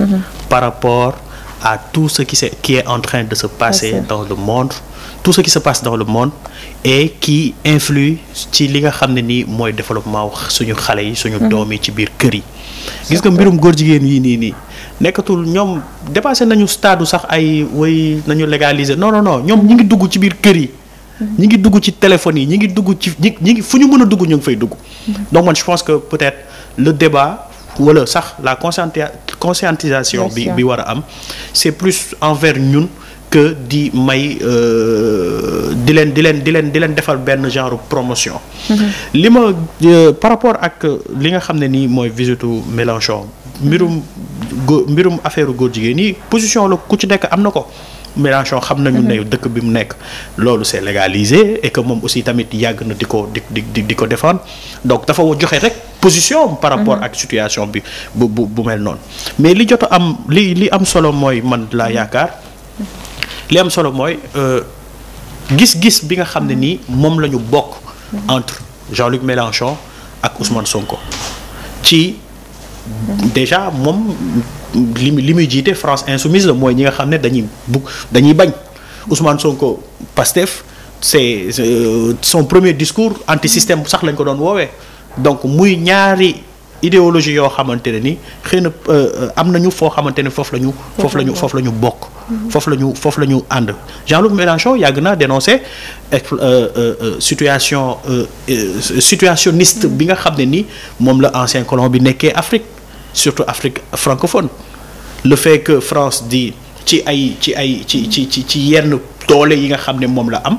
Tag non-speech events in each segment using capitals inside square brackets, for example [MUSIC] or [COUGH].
mm -hmm. par rapport à tout ce qui, est, qui est en train de se passer Merci. dans le monde, tout ce qui se passe dans le monde et qui influe ci li nga xam ne nii développement suñu xale yi suñu mhm. doom yi ci biir kër yi. gis nga mbirum góor jigéen yi nii nii nekkatul ñoom dépassé nañu stade sax ay way nañu légaliser non non non ñoom ñi ngi dugg ci biir kër yi. Mhm. ñi ngi dugg ci téléphone yi ñi ngi dugg ci ñi ñi ngi fu ñu mën a dugg ñu ngi fay dugg. Mhm. donc man je pense que peut-être le débat wala sax la conscientisation bi bi war am c'est plus envers ñun que di may euh, di leen di leen di leen di leen defal benn genre promotion mhm. li ma euh, par rapport ak li nga xamné ni moy visite visitu Mélenchon mirum go affaire góor jigéen position la ku ci nek amna ko Mélenchon xamna nañu neuy mhm. dëkk bi mu nek lolu c'est légalisé et que mom aussi tamit yàgg na diko diko di défendre donc dafa joxe rek position par rapport mhm. ak situation bi bu bu bu mel noonu mais li jot am li li am solo mooy man laa mhm. yaakaar li am solo mooy euh, gis-gis bi nga xam ne mhm. nii moom la ñu bokk entre Jean-Luc Mélenchon ak Ousmane Sonko ci déjà moom li li muy jiite France insoumise la mooy ñi nga xam ne dañuy bugg dañuy bañ Ousmane Sonko Pastef c'est euh, son premier discours anti système bu sax lañ ko doon woowee donc muy ñaari idéologie yo xamante ne ni xëy na euh, euh, am nañu foo xamante ne foofu la ñu bokk foofu la fof lañu la Jean-Luc Mélenchon yàgg naa dénoncer euh, situation situationniste bi nga xamné ni mom la ancien colon bi nekkee Afrique surtout Afrique francophone le fait que France dit, ci ay ci ay ci ci ci yenn tolé yi nga xamné mom la am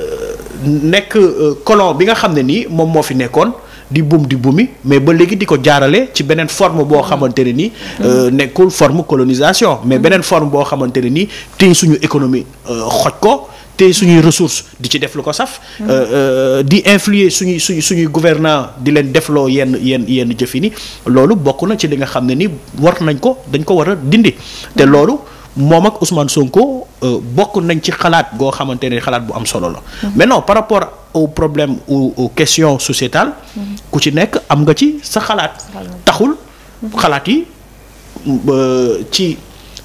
nekk euh, colon bi nga xam ne nii moom moo fi nekkoon di buum di buumi mais ba léegi di ko jaarale ci beneen forme boo xamante ne nii mm-hmm. euh, nekkul forme colonisation mais mm-hmm. beneen forme boo xamante ne nii tey suñu économie euh, xoj ko te suñuy ressource di ci def lu ko saf mm-hmm. di influer suñuy suñu suñuy gouvernant di leen defloo yenn yenn yenn jëfini loolu bokk na ci li nga xam ne ni war nañ ko dañ ko war a dindi te loolu moom ak Ousmane Sonko euh, bokk nañ ci xalaat goo xamante ne xalaat bu am solo la. Mhm. mais non par rapport au problème question aux mhm. ku ci nekk am nga ci sa xalaat. taxul mhm. xalaat yi euh, ci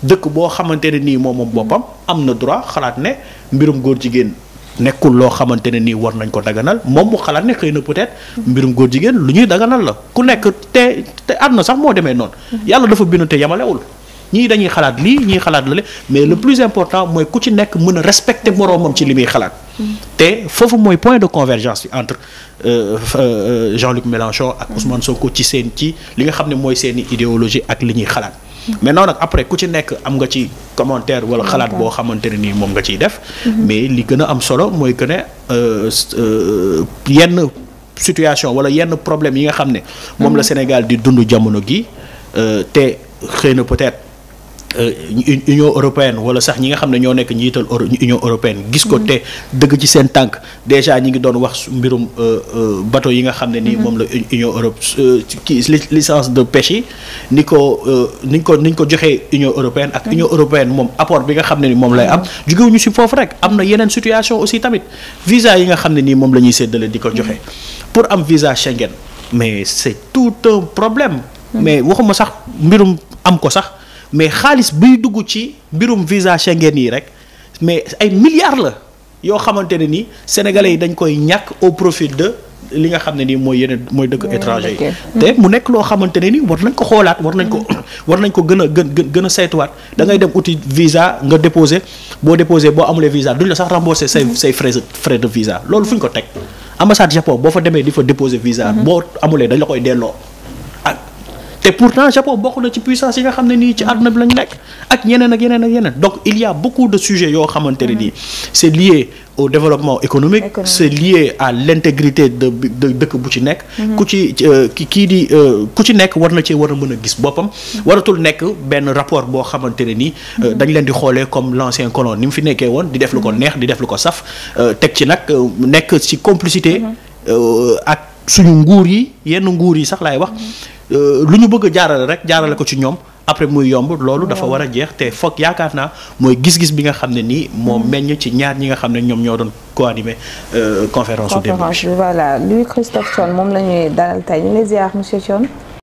dëkk boo xamante ne nii moom moom boppam am na droit xalaat ne mbirum góor jigéen. nekkul loo xamante ne nii war nañ ko daganal moom mu xalaat ne xëy na peut-être mbirum góor jigéen lu ñuy daganal la ku nekk te te àdduna sax moo demee noonu. yàlla dafa bind te yemalewul. ñii dañuy xalaat lii ñuy xalaat lale mais le plus important mooy ku ci nekk mën a respecter moroomam ci li muy xalaat. Mm. te foofu mooy point de convergence bi entre euh, euh, Jean-Luc Mélenchon ak mm. Ousmane Sonko ci seen ci li nga xam ne mooy seen idéologie ak li ñuy xalaat. maintenant nag après ku ci nekk am nga ci commentaire wala xalaat boo xamante ne moom nga ciy def. Mm-hmm. mais li gën a am solo mooy que ne euh, yenn situation wala yenn problème yi nga xam ne. moom la mm-hmm. Sénégal di dund jamono gi te xëy na peut-être. Euh, union européenne wala sax ñi nga xam ne ñoo nekk njiital union européenne gis ko te dëgg ci seen tànk déjà ñi ngi doon wax mbirum euh, euh, bateau yi nga xam ne nii mhm. moom la union europe ki de pêche yi ni ko niñ ko niñ ko joxee union européenne ak mhm. union européenne moom apport bi nga xam ne ni moom lay am mhm. jugewuñu si foofu rek am na yeneen situation aussi tamit visa yi nga xam ne nii moom la ñuy séddale di ko joxe pour am visa Schengen mais c'est tout un problème mais waxuma sax mbirum am ko sax mais xaalis bi dugg ci mbirum visa Schengen yi rek mais ay milliards la yoo xamante ne ni sénégalais yi dañ koy ñàkk au profit de li nga xam ne nii mooy yeneen mooy dëkk étranger yi hmm. te mu nekk loo xamante ne ni war nañ ko xoolaat war nañ ko hmm. [COUGHS] war nañ ko gën a gën gën a saytuwaat da ngay dem uti visa nga déposé boo déposé boo amulee visa duñ la sax remboursé say hmm. say frais frais de visa loolu fu ñu ko teg ambassade Japon boo fa demee di fa déposé visa boo amulee dañ koy delloo et pourtant Japon bokk na ci puissance yi nga xam ne nii ci mm-hmm. àdduna bi lañ nekk ak yeneen ak yeneen ak yeneen donc il y a beaucoup de sujets yoo xamante ne mm-hmm. c'est lié au développement économique c'est lié à l'intégrité de de de bu ci nekk mm-hmm. ku ci euh, kii di euh, ku ci nekk war na ci war a mën gis boppam waratul rapport bo xamante ni euh, dañ leen di xolé comme l'ancien colon ni fi nekkee woon di def lu ko neex di def lu ko saf tek ci nak nek ci complicité ak suñu nguur yi yenn nguur yi sax lay wax euh, lu ñu bëgg jaarale rek jaarale ko ci ñom après moy yomb lolu dafa wara a te gis-gis bi nga mm. ci ñaar euh, voilà lui Christophe dalal ñu ziar monsieur